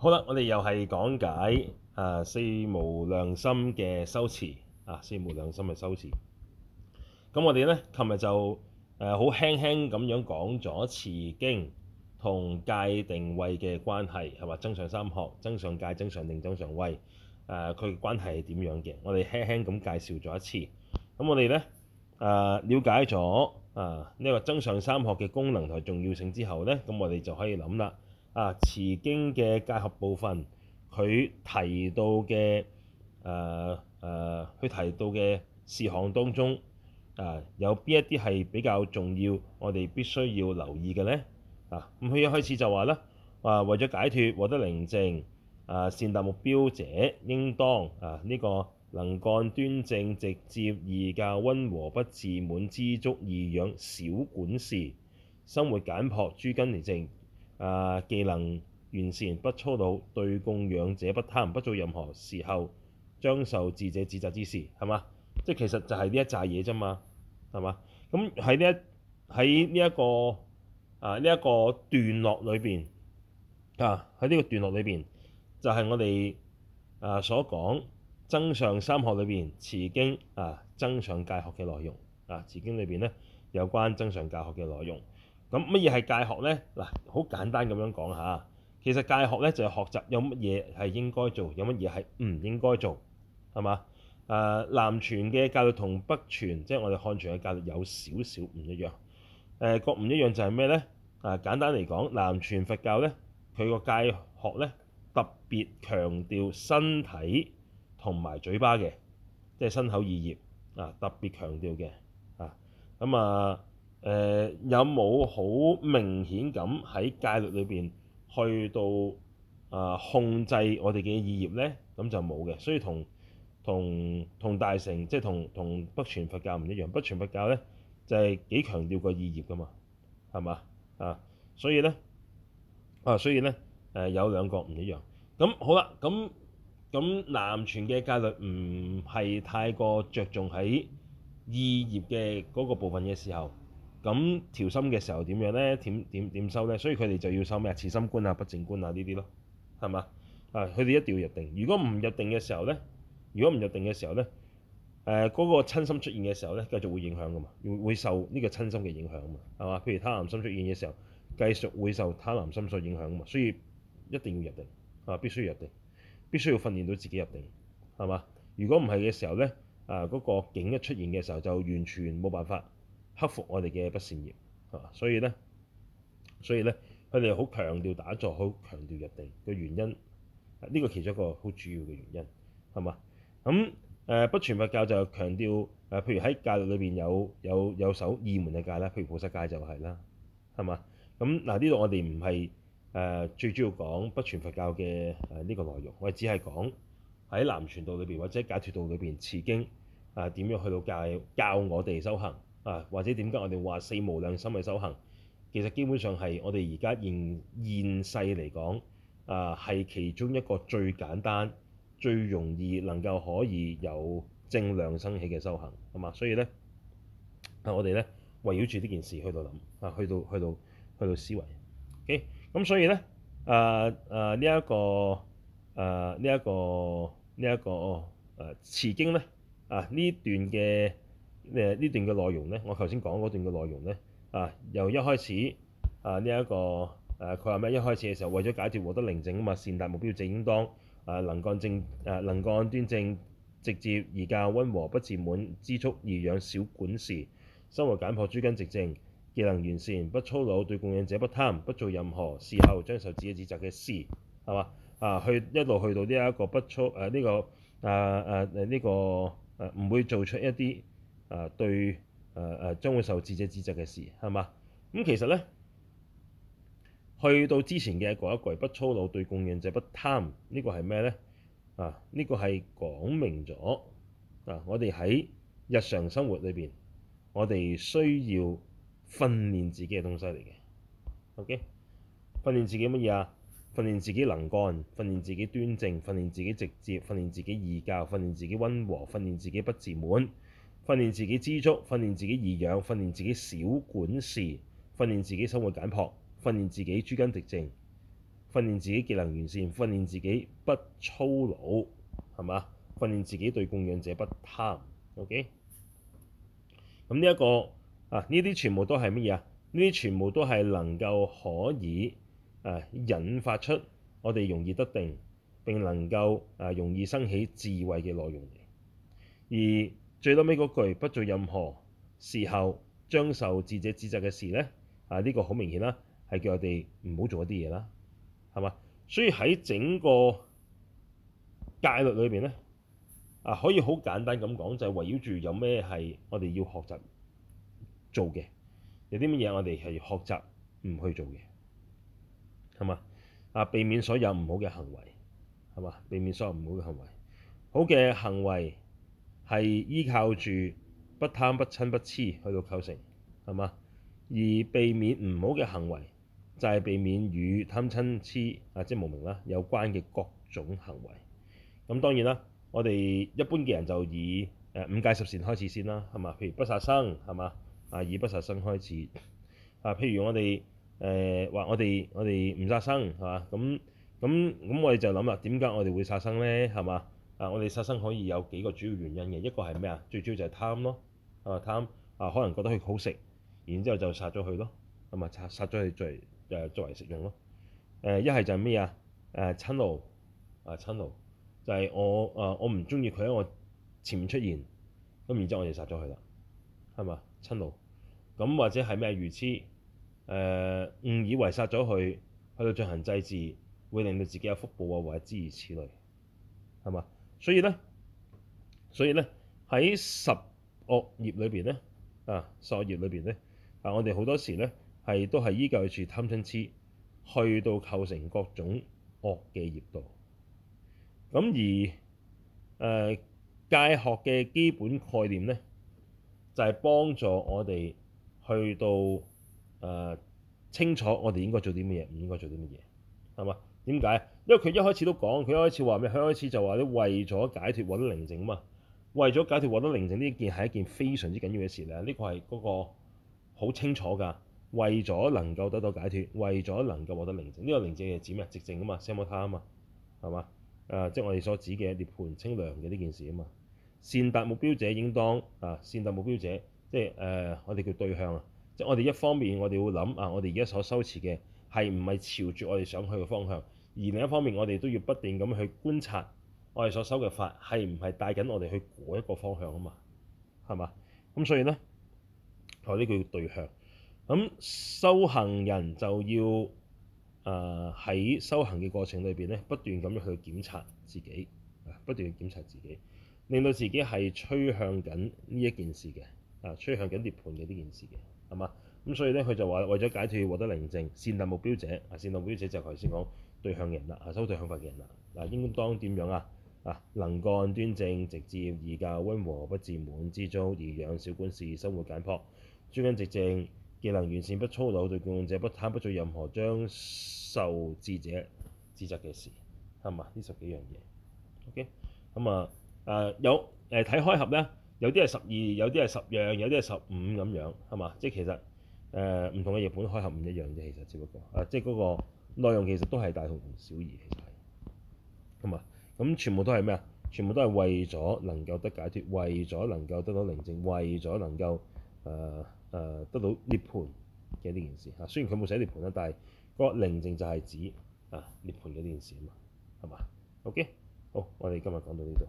好啦，我哋又係講解誒四無量心嘅修持啊，四無量心嘅修持。咁我哋咧，琴日就誒好輕輕咁樣講咗慈經同戒定慧嘅關係，係話增上三學、增上戒、增上定、增上慧誒，佢嘅關係係點樣嘅？我哋輕輕咁介紹咗一次。咁我哋咧誒了解咗啊呢個增上三學嘅功能同重要性之後咧，咁我哋就可以諗啦。啊，慈經嘅介合部分，佢提到嘅誒誒，佢、啊啊、提到嘅事項當中啊，有邊一啲係比較重要，我哋必須要留意嘅呢？啊，咁佢一開始就話啦，話、啊、為咗解脱、獲得寧靜、啊，善達目標者，應當啊呢、呢個能幹、端正、直接、易教、溫和、不自滿、知足、易養、少管事、生活簡朴、諸根寧靜。啊，技能完善不粗魯，對供養者不貪，不做任何時候將受智者指責之事，係嘛？即其實就係呢一紮嘢啫嘛，係嘛？咁喺呢一喺呢一個啊呢一、呢個段落裏邊啊，喺呢個段落裏邊就係、係、我哋啊所講增上三學裏邊慈經啊增上戒學嘅內容啊，慈經裏邊咧有關增上戒學嘅內容。啊。咁乜嘢係戒學呢？嗱，好簡單咁樣講下。其實戒學呢，就係、是、學習有乜嘢係應該做，有乜嘢係唔應該做，係嘛？誒、呃、南傳嘅教育同北傳，即、就、係、是、我哋漢傳嘅教育有少少唔一樣。誒個唔一樣就係咩呢？啊，簡單嚟講，南傳佛教呢，佢個戒學呢，特別強調身體同埋嘴巴嘅，即係身口二業啊，特別強調嘅啊。咁啊～誒、呃、有冇好明顯咁喺戒律裏邊去到啊、呃、控制我哋嘅意業呢？咁就冇嘅，所以同同同大乘即係、就是、同同北傳佛教唔一樣。北傳佛教呢，就係、是、幾強調個意業㗎嘛，係嘛啊？所以呢，啊，所以呢，誒、呃、有兩個唔一樣咁好啦。咁咁南傳嘅戒律唔係太過着重喺意業嘅嗰個部分嘅時候。咁調心嘅時候點樣呢？點點點收呢？所以佢哋就要收咩啊？慈心觀啊、不淨觀啊呢啲咯，係嘛？啊，佢哋一定要入定。如果唔入定嘅時候呢？如果唔入定嘅時候呢？誒、呃、嗰、那個親心出現嘅時候呢，繼續會影響㗎嘛，會會受呢個親心嘅影響嘛，係嘛？譬如貪婪心出現嘅時候，繼續會受貪婪心所影響的嘛。所以一定要入定啊，必須要入定，必須要訓練到自己入定，係嘛？如果唔係嘅時候呢，啊、呃、嗰、那個境一出現嘅時候就完全冇辦法。克服我哋嘅不善業啊，所以咧，所以咧，佢哋好強調打坐，好強調入定嘅原因。呢、這個其中一個好主要嘅原因係嘛？咁誒、呃、北傳佛教就強調誒，譬如喺戒律裏邊有有有守二門嘅戒啦，譬如菩薩戒就係、是、啦，係嘛？咁嗱，呢、啊、度我哋唔係誒最主要講北傳佛教嘅呢、呃這個內容，我哋只係講喺南傳道裏邊或者解脫道裏邊，慈經啊點樣去到教教，教我哋修行。啊，或者點解我哋話四無量心嘅修行，其實基本上係我哋而家現現，現世嚟講啊，係其中一個最簡單、最容易能夠可以有正量生起嘅修行，係嘛？所以咧、啊，我哋咧圍繞住呢件事去到諗啊，去到去到去到思維。咁、okay? 啊、所以咧，誒誒呢一個誒呢一個呢一個誒慈經咧啊呢段嘅。呢段嘅內容呢，我頭先講嗰段嘅內容呢，啊由一開始啊呢一個誒佢話咩？一開始嘅時候為咗解決獲得寧靜嘛，善達目標就應當啊能幹正啊能幹端正直接而較温和，不自滿知足而養小管事，生活簡樸諸根直正技能完善不粗魯，對供養者不貪，不做任何事後將受自己指責嘅事係嘛，啊去一路去到呢一個不粗誒呢、啊這個啊啊呢、這個唔、啊啊這個啊、會做出一啲。誒、啊、對誒誒、啊啊，將會受智者指責嘅事係嘛？咁、啊、其實呢，去到之前嘅嗰一句不粗魯，對供養者不貪，呢、啊這個係咩呢？啊，呢個係講明咗啊！我哋喺日常生活裏邊，我哋需要訓練自己嘅東西嚟嘅。O.K.，訓練自己乜嘢啊？訓練自己能幹，訓練自己端正，訓練自己直接，訓練自己易教，訓練自己温和，訓練自己不自滿。訓練自己知足，訓練自己易養，訓練自己少管事，訓練自己生活簡樸，訓練自己諸根寂靜，訓練自己技能完善，訓練自己不粗魯，係嘛？訓練自己對供養者不貪。OK，咁呢一個啊，呢啲全部都係乜嘢啊？呢啲全部都係能夠可以誒、啊、引發出我哋容易得定並能夠誒、啊、容易生起智慧嘅內容嚟，而。最後尾嗰句，不做任何事後將受智者指責嘅事呢，啊呢、這個好明顯啦，係叫我哋唔好做一啲嘢啦，係嘛？所以喺整個戒律裏邊呢，啊可以好簡單咁講，就係、是、圍繞住有咩係我哋要學習做嘅，有啲乜嘢我哋係學習唔去做嘅，係嘛？啊避免所有唔好嘅行為，係嘛？避免所有唔好嘅行，行為，好嘅行為。係依靠住不貪不瞋不痴去到構成，係嘛？而避免唔好嘅行為就係避免與貪瞋痴啊，即係無明啦，有關嘅各種行為。咁當然啦，我哋一般嘅人就以誒五戒十善開始先啦，係嘛？譬如不殺生係嘛？啊以不殺生開始啊，譬如我哋誒話我哋我哋唔殺生係嘛？咁咁咁我哋就諗啦，點解我哋會殺生咧？係嘛？啊！我哋殺生可以有幾個主要原因嘅，一個係咩啊？最主要就係貪咯，啊貪啊，可能覺得佢好食，然之後就殺咗佢咯，咁埋殺咗佢作為誒、啊、作為食用咯。誒一係就係咩啊？誒、啊、瞋怒啊瞋怒，就係、是、我啊我唔中意佢喺我前面出現，咁然之後我哋殺咗佢啦，係、啊、嘛瞋怒。咁或者係咩愚痴誒、啊、誤以為殺咗佢去到進行祭祀，會令到自己有福報啊，或者諸如此類，係、啊、嘛？所以咧，所以咧喺十惡業裏邊咧，啊，十惡業裏邊咧，啊，我哋好多時咧係都係依舊住貪嗔痴，去到構成各種惡嘅業道。咁而誒戒、啊、學嘅基本概念咧，就係、是、幫助我哋去到誒、啊、清楚我哋應該做啲乜嘢，唔應該做啲乜嘢，係嘛？點解？因為佢一開始都講，佢一開始話咩？佢一,一開始就話啲為咗解脫，獲得寧靜啊嘛。為咗解脫獲寧靜，獲得寧靜呢件係一件非常之緊要嘅事咧。呢、這個係嗰個好清楚㗎。為咗能夠得到解脫，為咗能夠獲得寧靜，呢、這個寧靜係指咩？寂靜啊嘛 samatha 啊嘛，係嘛？誒、呃，即係我哋所指嘅涅槃清涼嘅呢件事啊嘛。善達目標者應當啊、呃，善達目標者即係誒、呃，我哋叫對向啊。即係我哋一方面我們，我哋會諗啊，我哋而家所修持嘅係唔係朝住我哋想去嘅方向？而另一方面，我哋都要不斷咁去觀察我哋所修嘅法係唔係帶緊我哋去嗰一個方向啊嘛？係嘛？咁所以咧，有啲叫對向，咁修行人就要啊喺、呃、修行嘅過程裏邊呢，不斷咁去檢查自己，不斷去檢查自己，令到自己係趨向緊呢一件事嘅啊，趨向緊涅盤嘅呢件事嘅係嘛？咁所以呢，佢就話為咗解脫要獲得寧靜，善導目標者啊，善導目標者就係頭先講。對向人啦，啊收對向法嘅人啦，嗱應當點樣啊？啊能幹端正，直接而較溫和，不自滿之中而養小官事，生活簡樸，專心直政，技能完善不粗魯，對共用者不貪不做任何將受智者資責嘅事，係嘛？呢十幾樣嘢，OK，咁啊誒有誒睇開合咧，有啲係十二，有啲係十樣，有啲係十五咁樣，係嘛？即係其實誒唔、呃、同嘅日本開合唔一樣嘅，其實只不過誒、呃、即係、那、嗰個。內容其實都係大同小異，其實係同埋咁全部都係咩啊？全部都係為咗能夠得解脫，為咗能夠得到寧靜，為咗能夠誒誒、呃呃、得到涅槃嘅呢件事嚇。雖然佢冇寫涅槃啦，但係嗰寧靜就係指啊涅槃嘅呢件事啊嘛，係嘛？OK，好，我哋今日講到呢度。